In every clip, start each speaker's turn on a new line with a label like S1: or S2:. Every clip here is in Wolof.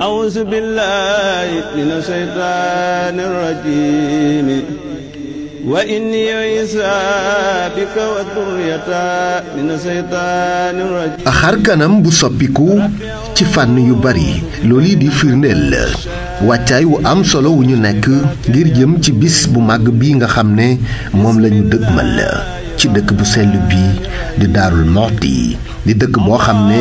S1: أعوذ بالله kanam bu soppiku ci fànn yu bari loolu di firndeel wàccaay wu am solo wu ñu nekk ngir jëm ci bis bu màgg bi nga xam ne moom lañu dëgmal ci dëkk bu sell bii di daarul moxti di dëkk moo xam ne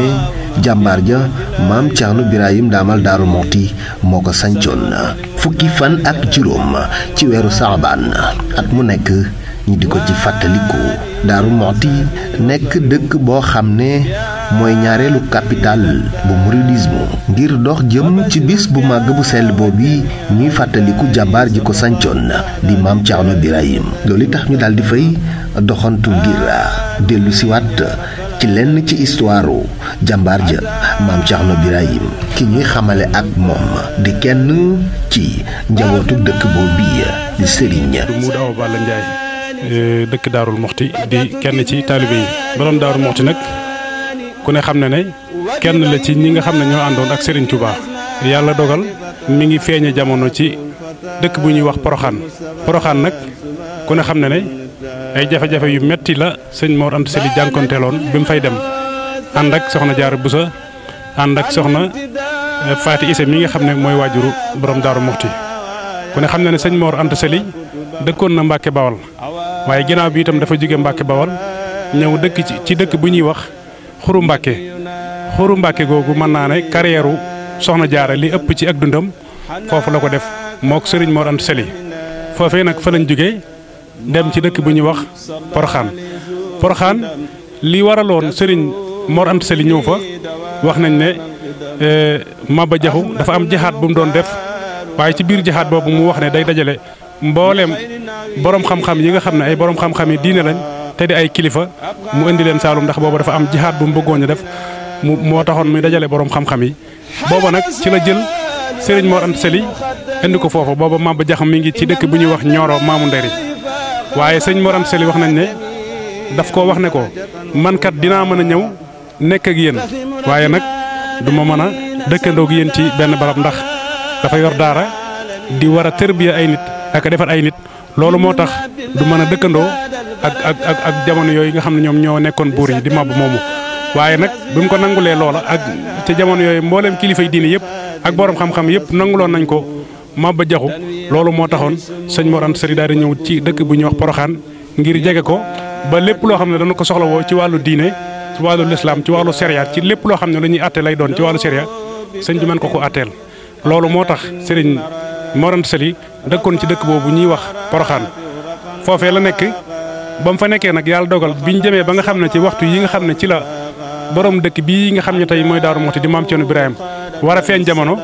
S1: jàmbaar ja maam Thierno Birahim daamal daarul moxti moo ko sancoon fukki fan ak juróom ci weeru saabaan at mu nekk ñu di ko ci fàttaliku Daaru Muxti nekk dëkk boo xam ne mooy ñaareelu capital bu mouridisme ngir dox jëm ci bis bu màgg bu sell boobu ñuy fàttaliku jàmbaar ji ko sancoon di maam Thierno Birahim loolu tax ñu daal di fay doxantu ngir dellu siwaat ci lenn ci histoire jàmbaar ja maam Thierno Birahim ki ñuy xamale ak moom di kenn ci njabootu dëkk boobu di Serigne.
S2: mu dëkk Daarul Moxti di kenn ci taalibe yi borom Daarul Moxti nag ku ne xam na ne kenn la ci ñi nga xam ne ñoo àndoon ak Serigne Touba yàlla dogal mi ngi feeñe jamono ci dëkk bu ñuy wax Poroxaan Poroxaan nag ku ne xam na ne ay jafe-jafe yu metti la sëñ Mor Anta Sali jànkonteeloon bi mu fay dem ànd ak soxna jaar bu Busa ànd ak soxna eh, Faati Ise mi nga xam ne mooy waajuru borom Daaru Moxti ku ne xam na ne sëñ Mor Anta Sali dëkkoon na Mbàkke Bawal waaye ginnaaw bi itam dafa jóge Mbàkke Bawol ñëw dëkk ci ci dëkk bu ñuy wax xuru Mbàkke xuru Mbàkke googu mën naa ne carrière soxna jaara li ëpp ci ak dundam foofu la ko def mook sëriñ Mor Anta seli foofee nag fa lañ jóge dem ci dëkk bu ñuy wax Poroxaan Poroxaan li waraloon sëriñ Mor Anta Sali ñëw fa wax nañ ne eh, ba Jaxu dafa am jaxaat bu mu doon def waaye ci biir jaxaat boobu mu wax ne day dajale mboolem boroom xam-xam yi nga xam ne ay borom xam-xam yi diine lañ te di ay kilifa mu indi leen Saalum ndax booba dafa am jihaad bu mu bëggoon a def mu moo taxoon muy dajale boroom xam-xam yi. booba nag ci la jël Serigne Mor Anta Sali indi ko foofa booba maam Maba Jaxam mi ngi ci dëkk bu ñuy wax Nioro Maamu Nderi waaye sëñ Mor Anta Sali wax nañ ne daf koo wax ne ko mankat dinaa mën a ñëw nekk ak yéen waaye nag du ma mën a dëkkandoo ak yéen ci benn barab ndax dafa yor daara di war a tërbiya ay nit. ak a defar ay nit loolu moo tax du mën a dëkkandoo ak ak ak ak jamono yooyu nga xam ne ñoom ñoo nekkoon buur yi di màbb moomu. waaye nag bi mu ko nangulee loola ak ca jamono yooyu mbooleem kilifa yi diine yëpp ak borom xam-xam yëpp nanguloon nañ ko màbba jaxu loolu moo taxoon sëñ Mor Anta Sali ñëw ci dëkk bu ñëw wax Poroxaan ngir jege ko ba lépp loo xam ne dana ko soxla woo ci wàllu diine ci wàllu lislaam ci wàllu sariya ci lépp loo xam ne lu ñuy lay doon ci wàllu sariya sëñ bi mën ko ko àtteel loolu moo tax sëriñ Mor Anta Sali dëkkoon ci dëkk boobu ñuy wax poroxaan foofee la nekk ba mu fa nekkee nag yàlla dogal bi ñu demee ba nga xam ne ci waxtu yi nga xam ne ci la borom dëkk bii nga xam ne tey mooy Daaru Muxti di maam Cerno Birahim war a feeñ jamono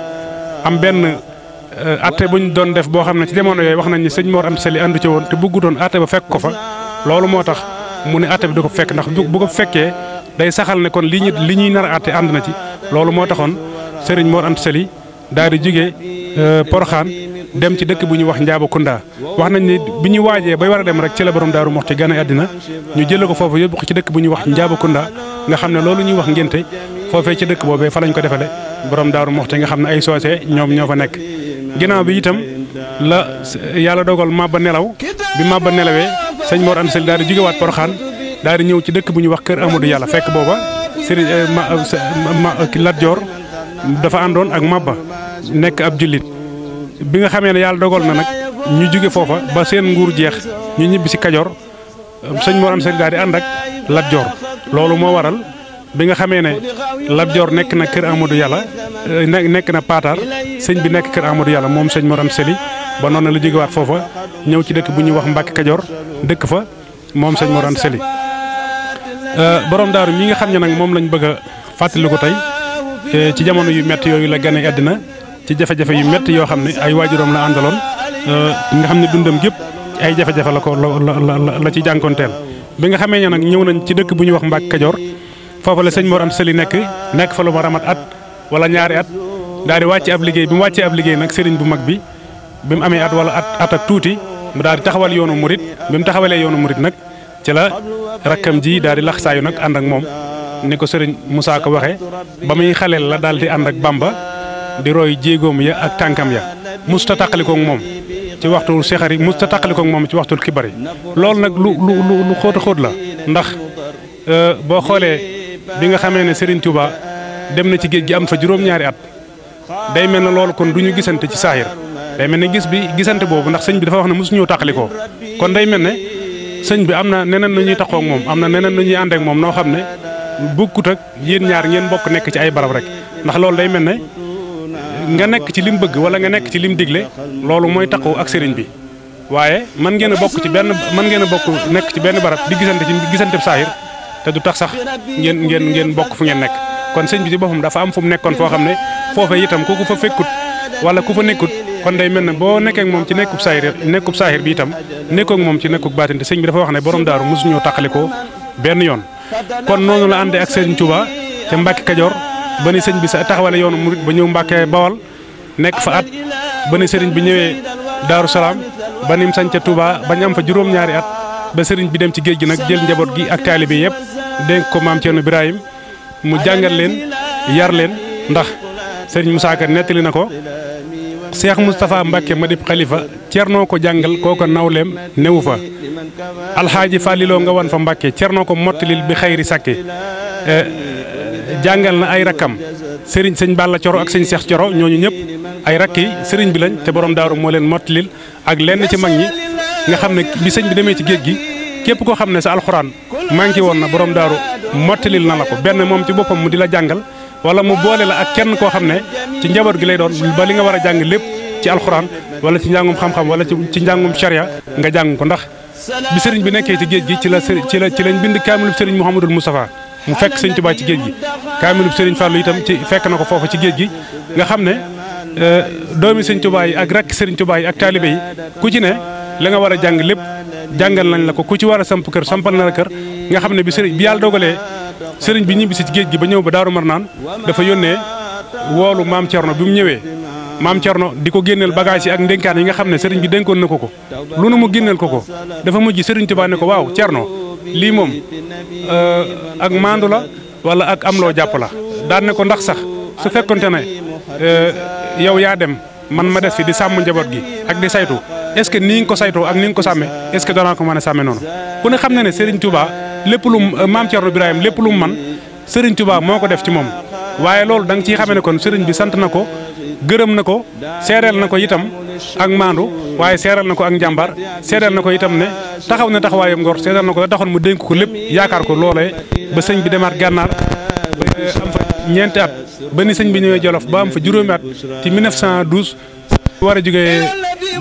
S2: am benn euh, atte bu ñu doon def boo xam ne ci jamono yooyu wax nañ ni sëñ Mor Anta Sali àndu ci woon te bëggu doon atte ba fekk ko fa loolu moo tax mu ne atte bi du ko fekk ndax bu ko fekkee day saxal ne kon li li ñuy nar a atte na ci loolu moo taxoon sëriñ Mor Anta Sali daal di jóge euh, dem ci dëkk bu ñu wax Njaabakunda wax nañ ne bi ñu waajee bay war a dem rek ci la borom daaru moxti gane àddina ñu jël ko foofu yóbbu ko ci dëkk bu ñu wax Njaabakunda nga xam ne loolu ñuy wax ngénte foofee ci dëkk boobee fa lañ ko defale borom daaru moxti nga xam ne ay soose ñoom ñoo fa nekk ginnaaw bi itam la yàlla dogal mabba nelaw bi mabba nelawee sëñ Mor Anta Sali daal di jógewaat Poroxaan daal di ñëw ci dëkk bu ñuy wax kër Amadou yàlla fekk booba Serigne eh, Lat Joor dafa àndoon ak mabba ab jullit bi nga xamee ne yàlla dogal na nag ñu jóge foofa ba seen nguur jeex ñu ñibbi si Kajoor um, sëñ Mor Anta Sali daal di ànd ak Lat Joor loolu moo waral bi nga xamee ne Lat Joor nekk na kër Amadou Yàlla euh, nekk na Paatar sëñ bi nekk kër Amadou Yàlla moom sëñ Mor Anta Sali ba noonu la jógewaat foofa ñëw ci dëkk bu ñuy wax Mbàkke Kajoor dëkk fa moom sëñ Mor Anta Sali euh, borom daaru mii nga xam ne nag moom lañu bëgg a fàttaliku tey euh, ci jamono yu métti yooyu la gane àddina ci jafe-jafe yu mett yoo xam ne ay waajuram la àndaloon euh, nga xam ne dundam gépp ay jafe-jafe la ko la la la ci jànkoonteel. bi nga xamee ne nag ñëw nañ ci dëkk bu ñuy wax Mbàkke Kajoor foofu la sëñ Mor Anta Sali nekk nekk fa lu ma ramat at wala ñaari at daal di wàcce ab liggéey bi mu wàccee ab liggéey nag sëriñ bu mag bi bi mu amee at wala at at ak tuuti mu daal di taxawal yoonu murit bi mu taxawalee yoonu murit nag ci la rakkam ji daal di lax saayu nag ànd ak moom ni ko sëriñ Moussa ko waxee ba muy xaleel la daal di ànd ak Bamba. di roy jéegoom ya ak tànkam ya musta tàqalikoog moom ci waxtu sexar yi musta tàqalikoog moom ci waxtul kibar yi loolu nag lu lu lu lu xóot a la ndax euh, boo xoolee bi nga xamee ne Serigne Touba dem na ci géej gi am fa juróom-ñaari at day mel na loolu kon duñu ñu gisante ci saahir day mel ne gis bi gisante boobu ndax sëñ bi dafa wax ne mosu ñëw tàqalikoo kon day mel ne sëñ bi am na neneen nu ñuy taxoo moom am na neneen nu ñuy ànd ak moom noo xam ne bukkut yéen ñaar ngeen bokk nekk ci ay barab rek ne nga nekk ci lim bëgg wala nga nekk ci lim digle loolu mooy taxaw ak sëriñ bi waaye man ngeen a bokk ci benn man ngeen a bokk nekk ci benn barab di gisante ci gisante saahir te du tax sax ngeen ngeen bokk fu ngeen nekk kon sëñ bi ci boppam dafa am fu mu nekkoon foo xam ne foofee itam ku ko fa fekkut wala ku fa nekkut kon day mel ne boo nekkee moom ci nekkub saahir nekkub saahir bi itam nekkook moom ci nekkub baatin te sëñ bi dafa wax ne borom daaru mosuñoo taqalikoo benn yoon kon noonu la àndee ak ba sëñ bi sa taxawale yoonu murit ba ñëw Mbàkke Bawol nekk fa at ba sëriñ bi ñëwee Daaru Salaam ba ni mu sañ am fa juróom-ñaari at ba sëriñ bi dem ci géej gi nag jël njaboot gi ak taalibe yëpp dénk ko maam Thierno Birahim mu jàngal leen yar leen ndax sëriñ Moussa Ka nettali na ko Cheikh Moustapha Mbacke ma dib xalifa noo ko jàngal koo kooko nawleem newu fa. alxaaji Falliloo nga wan fa Mbacke Thierno ko mottalil bi xayri sakke eh, jàngal na ay rakkam sëriñ sëñ Balla Coro ak sëñ Seex Coro ñooñu ñëpp ay rakk yi sëriñ bi lañ te borom daaru moo leen mottalil ak lenn ci mag ñi nga xam ne bi sëñ bi demee ci géej gi képp koo xam ne sa alxuraan manqué woon na borom daaru mottalil na la ko benn moom ci boppam mu di la jàngal wala mu boole la ak kenn koo xam ne ci njaboot gi lay doon ba li nga war a jàng lépp ci alxuraan wala ci njàngum xam-xam wala ci njàngum sharia nga jàng ko ndax bi sëriñ bi nekkee ci géej gi ci la ci la ci lañ bind kaamilu sëriñ Mouhamadul Moustapha mu fekk sëñ ci géej gi kaamilub sëriñ Fàllu itam ci fekk na ko foofa ci géej gi nga xam ne euh, doomi sëñ Tuubaa yi ak rakk sëriñ Tuubaa yi ak taalibe yi ku ci ne la nga war a jàng lépp jàngal nañ la ko ku ci war a samp kër sampal na la kër nga xam ne bi sëriñ bi yàlla dogalee sëriñ bi ñibbisi ci géej gi ba ñëw ba Daaru naan dafa yónnee woolu maam Cerno bi mu ñëwee maam Cerno di ko génneel bagage yi ak ndénkaan yi nga xam ne sëriñ bi dénkoon na ko ko lu mu génneel ko ko dafa mujj sëriñ Tuubaa ne ko waaw Cerno lii moom euh, ak maandu la wala ak am loo jàpp la daan ne ko ndax sax su fekkonte ne euh, yaw yaa dem man ma des fi di sàmm njaboot gi ak di saytu est-ce que ni ko saytoo ak ni nga ko sàmmee est-ce que danaa ko mën a sàmmee noonu ku xam na ne Serigne Touba lépp lu euh, maam Thierno Birahim lépp lu man Serigne Touba moo ko def ci moom. waaye loolu da nga ciy xame ne kon sëriñ bi sant na ko gërëm na ko seereel na ko itam ak maandu waaye seereel na ko ak njàmbaar seereel na ko itam ne taxaw na taxawaayam ngor seereel na ko la taxoon mu dénk ko lépp yaakaar ko loolee ba sëñ bi demaat gànnaar eh, am fa ñeenti at ba ni sëñ bi ñëwee Jolof ba am fa juróomi at ci 1912 war a jóge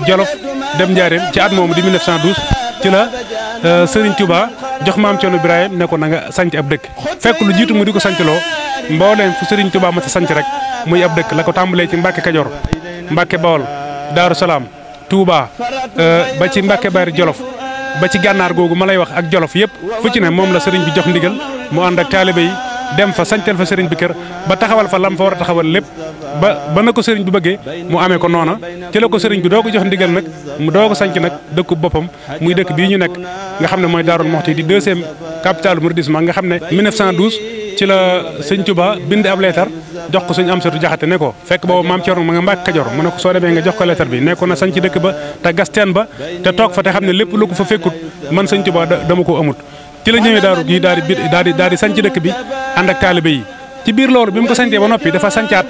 S2: Jolof dem Njaaréem ci at moom di 1912 ci la eh, Sëriñ tubaa jox maam Thierno Birahim ne ko na nga sanc ab dëkk fekk lu jiitu mu di ko sancloo mbooleem fu Serigne Touba ma sa sanc rek muy ab dëkk la ko tàmbalee ci Mbacke Kajoor Mbacke Bawol Daaru Salaam Touba euh, ba ci Mbacke Bari Jolof ba ci gànnaar googu ma lay wax ak Jolof yëpp fu ci ne moom la Serigne bi jox ndigal mu ànd ak taalibe yi dem fa sañtal fa sëriñ bi kër ba taxawal fa lam fa war a taxawal lépp ba ba na ko sëriñ bi bëggee mu amee ko noona ci la ko sëriñ bi doo ko jox ndigal nag mu doo ko sanc nag dëkku boppam muy dëkk bii ñu nekk nga xam ne mooy Daarul Muxti di deuxième capitale mouridisme nga xam ne 1912 ci la sëñ Tuba bind ab leetar jox ko sëñ Amsatu Jaxate ne ko fekk boobu maam Cerno ma nga Mbàkke Kajoor mu ne soo demee nga jox ko leetar bi ne ko na sañ ci dëkk ba te gas teen ne lépp lu ko fa fekkut man sëñ Tuba dama ko amut ci la ñëwee daaru gi daal di daal di daal di dëkk bi ànd ak taalibe yi ci biir loolu bi mu ko sancee ba noppi dafa sancaat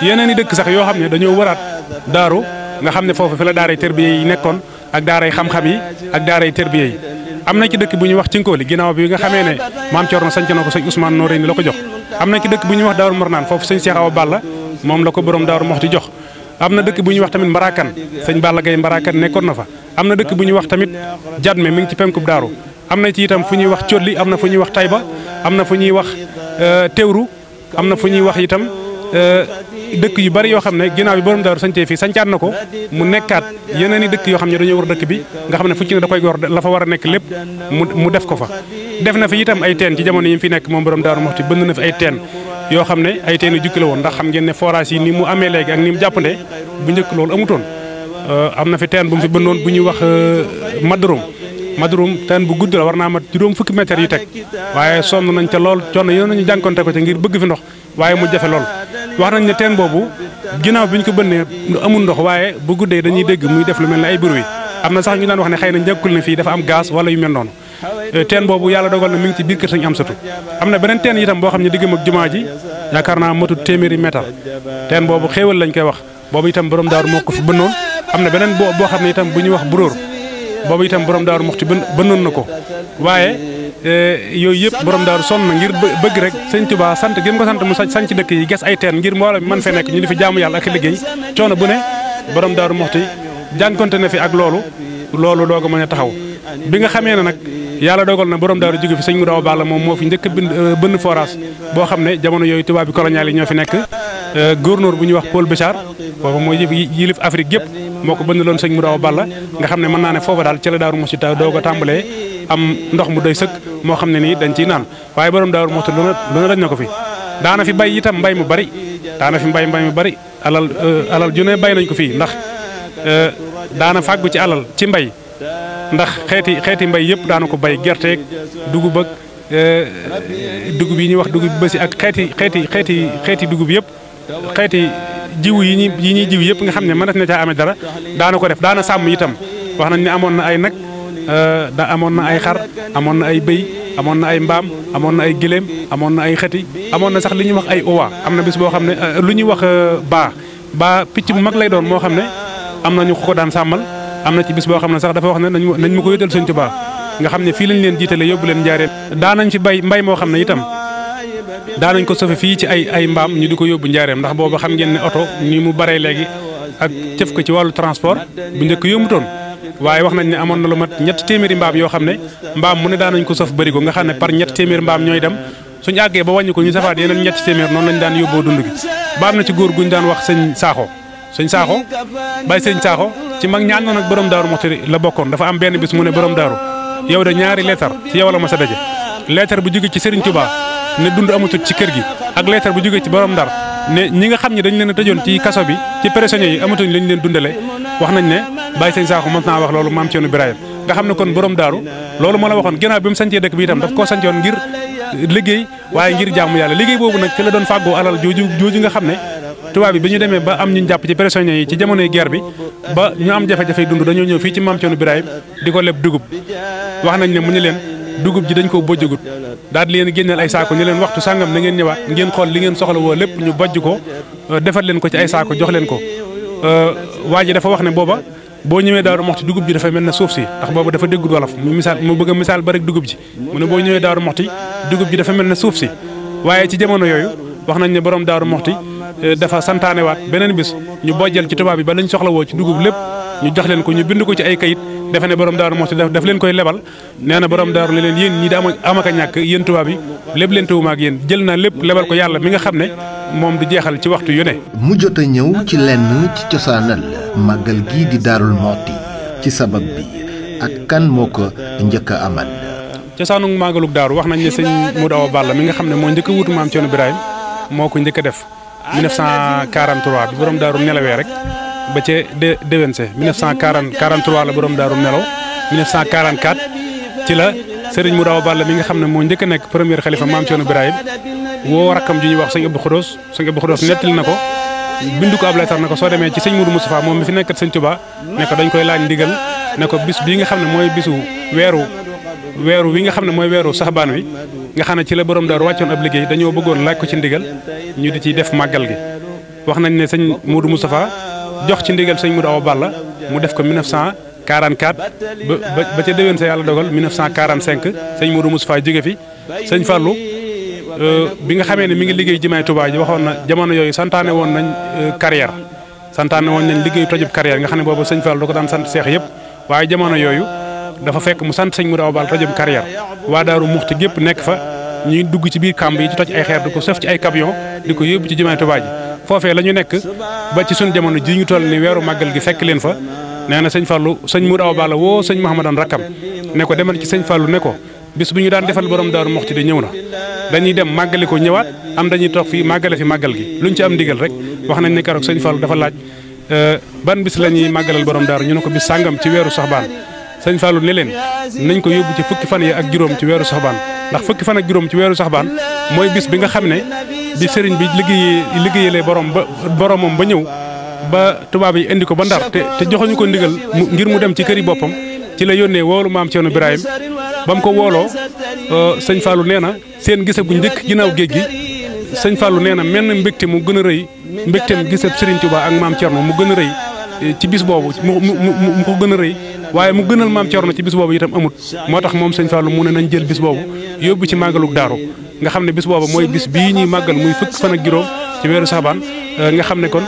S2: yeneen i dëkk sax yoo xam ne dañoo wëraat daaru nga xam ne foofu fi la daaray tërbiye yi nekkoon ak daaray xam-xam yi ak daaray tërbiye yi am na ci dëkk bu ñuy wax Cinkooli ginnaaw bi nga xamee ne maam Thierno sanc na ko sëñ Ousmane Noreyni la ko jox am na ci dëkk bu ñuy wax Daaru Mornaan foofu sëñ Cheikh Awa Balla moom la ko borom Daaru Moxti jox am na dëkk bu ñuy wax tamit sëñ Balla Mbarakan nekkoon na fa am na dëkk bu ñuy wax tamit Jadme mi ngi ci penkub daaru am na ci itam fu ñuy wax colli am na fu ñuy wax tayba am na fu ñuy wax euh, teewru am na fu ñuy wax itam euh, dëkk yu bari yoo xam ne ginnaaw bi borom daaru sañtee fii sañcaat na ko mu nekkaat yeneen i dëkk yoo xam ne dañoo wër dëkk bi nga xam ne fu ci ne da koy fa war a nekk lépp mu mu ko fa def na fi itam ay teen ci jamono yi mu fi nekk moom borom daaru moxti bënd na fi ay teen yoo xam ne ay teen yu jukki woon ndax xam ngeen ne forage yi ni mu amee léegi ak ni mu jàppande bu njëkk loolu amutoon euh, am na fi teen bu mu fi bëndoon bu ñuy wax madrom madrum teen bu gudd la war naa mat juróom fukki mètres yi teg waaye sonn nañ ca lool coono yoon nañu jànkonte ko ca ngir bëgg fi ndox waaye mu jafe lool wax nañ ne teen boobu ginnaaw bi ñu ko bënnee amul ndox waaye bu guddee dañuy dégg muy def lu mel ne ay bruit am na sax ñu daan wax ne xëy na njëkkul ne fii dafa am gaz wala yu mel noonu euh, teen boobu yàlla dogal na mu ngi ci biir kër sañ am satu am na beneen teen itam boo xam ne diggam ak jumaa ji yaakaar naa matut téeméeri meetar teen boobu lañ koy wax boobu itam borom daaru moo ko fi bënnoon am na beneen boo xam ne itam bu ñuy wax buróor boobu itam borom daaru muxti bënn na ko waaye e, yooyu yëpp borom daaru sonn na ngir bëgg rek sëñ Tuubaa sant gi mu ko sant mu sañ ci dëkk yi ges ay teen ngir mbooloo mi man fee nekk ñu ni fi jaamu yàlla ak liggéey coono bu ne borom daaru muxti jànkonte na fi ak loolu loolu doog a mën a taxaw bi nga xamee ne nag yàlla dogal na borom daaru jóge fi sëñ mu daaw baala moom moo fi njëkk bind e, bënn forage boo xam ne jamono yooyu tubaab bi colonial yi ñoo fi nekk e, gouverneur bu ñuy wax Paul Béchard foofu mooy yilif Afrique yëpp moo ko bëndaloon sëñ a Balla nga xam ne mën naa ne foofa daal ci la Daaru Muxti ta doog a tàmbalee am ndox mu doy sëkk moo xam ne nii dañ ciy naan waaye borom Daaru Muxti lu ne dañ ne ko fi daana fi bay itam mbay mu bari daana fi mbay mbay mu bari alal euh, alal ju bay nañ ko fii ndax euh, daana fàggu ci alal ci mbay ndax xeeti xeeti mbay yëpp daana ko bay gerteeg dugub ak euh, dugub yi ñuy wax dugub bësi ak xeeti xeeti xeeti xeeti dugub yëpp xeeti jiw yi ñuy yi ñuy jiw yëpp nga xam ne mënees na caa amee dara daana ko def daana sàmm itam wax nañ ne amoon na ay nag euh, da amoon na ay xar amoon na ay bëy amoon na ay mbaam amoon na ay giléem amoon na ay xëti amoon na sax li ñu wax ay owa am na bis boo xam ne euh, lu ñuy wax euh, baa baa picc mu mag lay doon moo xam ne am na ñu ko daan sàmmal am na ci bis boo xam ne sax dafa wax ne nañ mu ko yóotal Sëñ Tuubaa nga xam ne fii lañ leen jiitale yóbbu leen njaareen daanañ ci bay mbay moo xam ne itam daanañ ko sofe fii ci ay ay mbaam ñu di ko yóbbu njaareem ndax booba xam ngeen ne oto ni mu baree léegi ak cëf ko ci wàllu transport bu njëkk toon waaye wax nañ ne amoon na lu mat ñett téeméeri mbaam yoo xam ne mbaam mu ne daanañ ko sof bëri ko nga xam ne par ñett téeméeri mbaam ñooy dem suñu àggee ba wàññi ko ñu safaat yeneen ñetti téeméer noonu lañ daan yóbboo dund gi ba am na ci góor guñ daan wax sëñ saaxo sëñ saaxo bay sëñ saaxo ci mag ñaan nag borom daaru moxti la bokkoon dafa am benn bis mu ne borom daaru yow de ñaari yow la ma sa daje leetar bu jóge ci Serigne Touba ne dund amatut ci kër gi ak leetar bu jógee ci borom ndar ne ñi nga xam ne dañ leen a tëjoon ci kaso bi ci prisonniers yi amatuñ lañ leen dundale wax nañ ne bàyyi sañ saako mën naa wax loolu maam Ceerno Birahim nga xam ne kon borom daaru loolu ma la waxoon ginnaaw bi mu sancee dëkk bi itam daf koo sancoon ngir liggéey waaye ngir jaamu yàlla liggéey boobu nag ci la doon fàggoo alal jooju jooju nga xam ne tubaab bi bi ñu demee ba am ñu jàpp ci prisonniers yi ci jamonoy guerre bi ba ñu am jafe-jafe dund ñëw fii ci maam Ceerno Birahim di ko leb dugub wax nañ ne mu ñu leen dugub ji dañ koo bojjagut daal di leen génneel ay saako ñu leen waxtu sàngam na ngeen ñëwaat ngeen xool li ngeen soxla woo lépp ñu bojj ko euh, defal leen ko ci ay saako jox leen ko euh, waa ji dafa wax ne booba boo ñëwee daaru moxti dugub ji dafay mel ne suuf si ndax booba dafa déggul wolof mu misaal mu bëgg a misaal ba rek dugub ji mu ne boo ñëwee daaru moxti dugub ji dafa mel ne suuf si waaye ci jamono yooyu wax nañ ne borom daaru moxti euh, dafa santaanewaat beneen bis ñu bojjal ci tubaab bi ba lañ soxla woo ci dugub lépp ñu jox leen ko ñu bind ko ci ay kayit defe ne borom daaru moxti daf leen koy lebal nee na borom daaru ne leen yéen ñi da amaka ñàkk yéen yi lépp leen tawuma ak yéen jël naa lépp lebal ko yàlla mi nga xam ne moom du jeexal ci waxtu yu ne
S1: a ñëw ci lenn ci cosaanal di daarul moxti ci sabab bi ak kan moo njëkk a amal
S2: cosaanu daaru wax nañ ne sëñ Modou Awa Balla mi nga xam ne moo njëkk a wutu maam moo ko njëkk a def 1943 bi borom daaru nelawee rek ba ca dé déwén se 1940 43 la borom daaru nelaw 1944 ci la Serigne Mouraw Balla mi nga xam ne moo njëkk a nekk premier xalifa maam Cerno Birahim woo rakkam ju ñuy wax sëñ Abdou Khodos sëñ Abdou Khodos nettali na ko bindu ko ab leetar na ko soo demee ci sëñ Mourou Moustapha moom mi fi nekkat sëñ Touba ne ko dañ koy laaj ndigal ne ko bis bii nga xam ne mooy bisu weeru weeru wi nga xam ne mooy weeru saxbaan wi nga xam ne ci la borom daaru wàccoon dañoo bëggoon laaj ko ci ndigal ñu di ciy jox ci ndigal sëñ Modou Awa Balla mu def ko 1944 ba ba ca déwén sa yàlla dogal 1945 sëñ Modou Moustapha jóge fi sëñ Fallou euh, bi nga xamee ni mu ngi liggéey jumaay Touba ji waxoon na jamono yooyu santaane woon nañ euh, carrière santaane woon nañ liggéey tojub carrière nga xam ne boobu sëñ Fallou da ko daan sant seex yëpp waaye jamono yooyu dafa fekk mu sant sëñ Modou Awa Balla tojub carrière waa Daaru Muxti gépp nekk fa ñuy dugg ci biir kàmb yi ci toj ay xeer di ko sëf ci ay camion di foofee la ñu nekk ba ci suñu jamono ji ñu toll ni weeru màggal gi fekk leen fa nee na sëñ Fallou sëñ Mour Awa baala woo sëñ Mouhamadane rakkam ne ko demal ci sëñ Fallou ne ko bis bu ñu daan defal borom daaru moxti de ñëw na dañuy dem màggali ko ñëwaat am dañuy toog fi màggale fi màggal gi luñ ci am ndigal rek wax nañ ne keroog sëñ Fallou dafa laaj euh, ban bis la ñuy màggalal borom daaru ñu ne ko bis sàngam ci weeru saxbaan sëñ Fallou ne leen nañ ko yóbbu ci fukki fan yi ak juróom ci weeru saxbaan ndax fukki fan ak juróom ci weeru bi nga xam ne bi sëriñ bi liggéeyee liggéeyalee borom ba boromam ba ñëw ba tubaab yi indi ko ba ndar te te joxuñu ko ndigal ngir mu dem ci këri boppam ci la yónnee woolu maam Thierno Birahim ba mu ko wooloo euh, sëñ Fallou nee na seen gise bu njëkk ginnaaw géej gi sëñ Fallou nee na menn mbégte mu gën a rëy mbégteem gisab sëriñ tubaa ak maam Thierno mu gën a rëy ci bis boobu mu mu ko gën a rëy waaye mu gënal maam Cerno ci bis boobu itam amut moo tax moom sëñ Fallou mu ne nañ jël bis boobu yóbbu ci màggalug daaru nga xam ne bis boobu mooy bis bii ñuy màggal muy fukk fan ak juróom ci weeru saxbaan euh, nga xam ne kon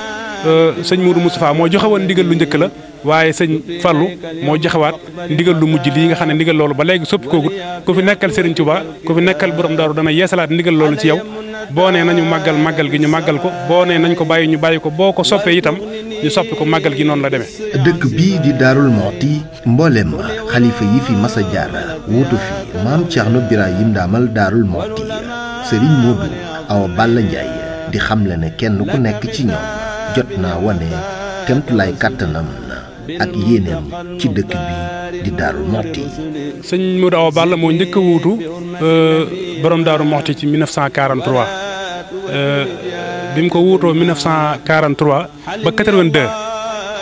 S2: euh, sëñ Mourou Moustapha moo joxe woon ndigal lu njëkk la waaye sëñ Fallou moo joxewaat ndigal lu mujj lii nga xam ne ndigal loolu ba léegi sopp koogut ku fi nekkal Serigne Touba ku fi nekkal borom daaru dana yeesalaat ndigal loolu ci yow boo nee nañu màggal màggal gi ñu màggal ko boo nee nañ ko bàyyi ñu bàyyi ko boo ko soppee itam ñu soppi ko màggal gi noonu la demee.
S1: dëkk bii di Daarul Moxti mboolem xalifa yi fi mas a jaar wuutu fi maam Thierno Birahim daamal Daarul Moxti Serigne Modou Awa Balla Ndiaye di xamle ne kenn ku nekk ci ñoom jot naa wane kemtulaay kàttanam ak yéeneem ci dëkk bi di Daarul
S2: Moxti. sëñ Modou Awa Balla moo njëkk a wuutu euh, borom Daarul Moxti ci 1943. bi mu ko wuutoo 1943 ba 82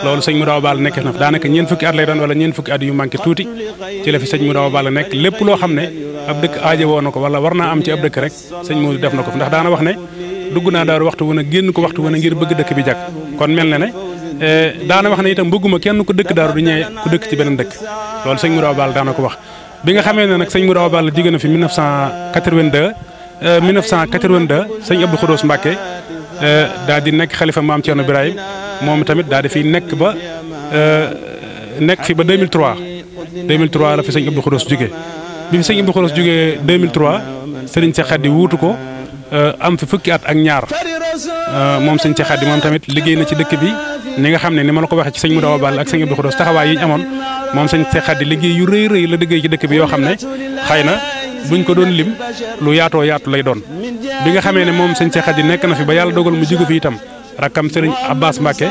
S2: loolu sëñ mu daaw baal nekk na daanaka ñeen fukki at lay doon wala ñeen fukki at yu manqué tuuti ci la fi sëñ mu daaw baal nekk lépp loo xam ne ab dëkk aaje woo na ko wala war naa am ci ab dëkk rek sëñ mu def na ko ndax daana wax ne dugg naa daaru waxtu wu ne génn ko waxtu wu ne ngir bëgg dëkk bi jag kon mel na ne e, daana wax ne itam bëgguma kenn ku dëkk daaru du ñëwee ku dëkk ci beneen dëkk loolu sëñ mu daaw ko wax bi nga xamee ne nag sëñ mu daaw baal jigéen na fi 1982 1982 e, sëñ Abdou Khodos Mbacke Eh, daa di nekk xalifa maam Thierno Birahim moom tamit daa di fi nekk ba eh, nekk fi ba 2003 2003 la fi sëñ Abdou Khoudous jógee bi fi sëñ Abdou Khoudous jógee 2003 sëriñ Cheikh Khady wuutu ko eh, am fi fukki at ak ñaar moom sëñ Cheikh Khady moom tamit liggéey na ci dëkk bi ni nga xam ne ni ma la ko waxee ci sëñ Moudou Ball ak sëñ Abdou Khoudous taxawaay yi amoon moom sëñ Cheikh Khady liggéey yu rëy rëy la liggéey ci dëkk bi yoo xam ne xëy na buñ ko doon lim lu yaatoo yaatu lay doon bi nga xamee ne moom sëñ Cheikh Khady nekk na fi ba yàlla dogal mu jigu fi itam rakkam sëriñ Abbas Mbacke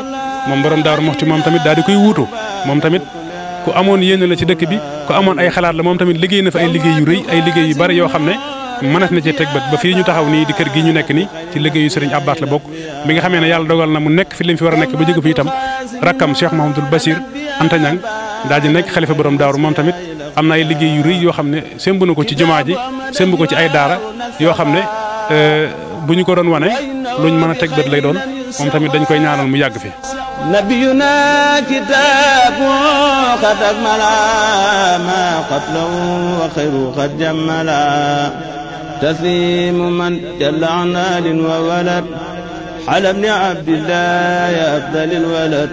S2: moom borom Daaru Muxti moom tamit daal di koy wuutu moom tamit ku amoon yéene la ci dëkk bi ku amoon ay xalaat la moom tamit liggéey na fa ay liggéey yu rëy ay liggéey yu bari yoo xam ne mënees na ci teg bët ba fii ñu taxaw nii di kër gi ñu nekk ni ci liggéeyu sëriñ Abbas la bokk bi nga xamee ne yàlla dogal nekk fi li mu fi war a nekk ba jóge fi itam rakkam Cheikh Mahamadul Bachir Anta Niang daa ji nekk xalifa borom daaru moom tamit am na ay liggéey yu yoo xam ne sémb ko ci jumaa ji sémb ko ci ay daara yoo xam ne euh, bu ñu ko doon wane luñ mën a teg bët lay doon moom tamit dañ koy ñaanal mu yàgg fi
S1: nabiyuna kitaabu qad akmala ma qatlahu wa xayru qad jammala taslimu man jalla an alin wa walad ala ibni abdillahi afdalil walad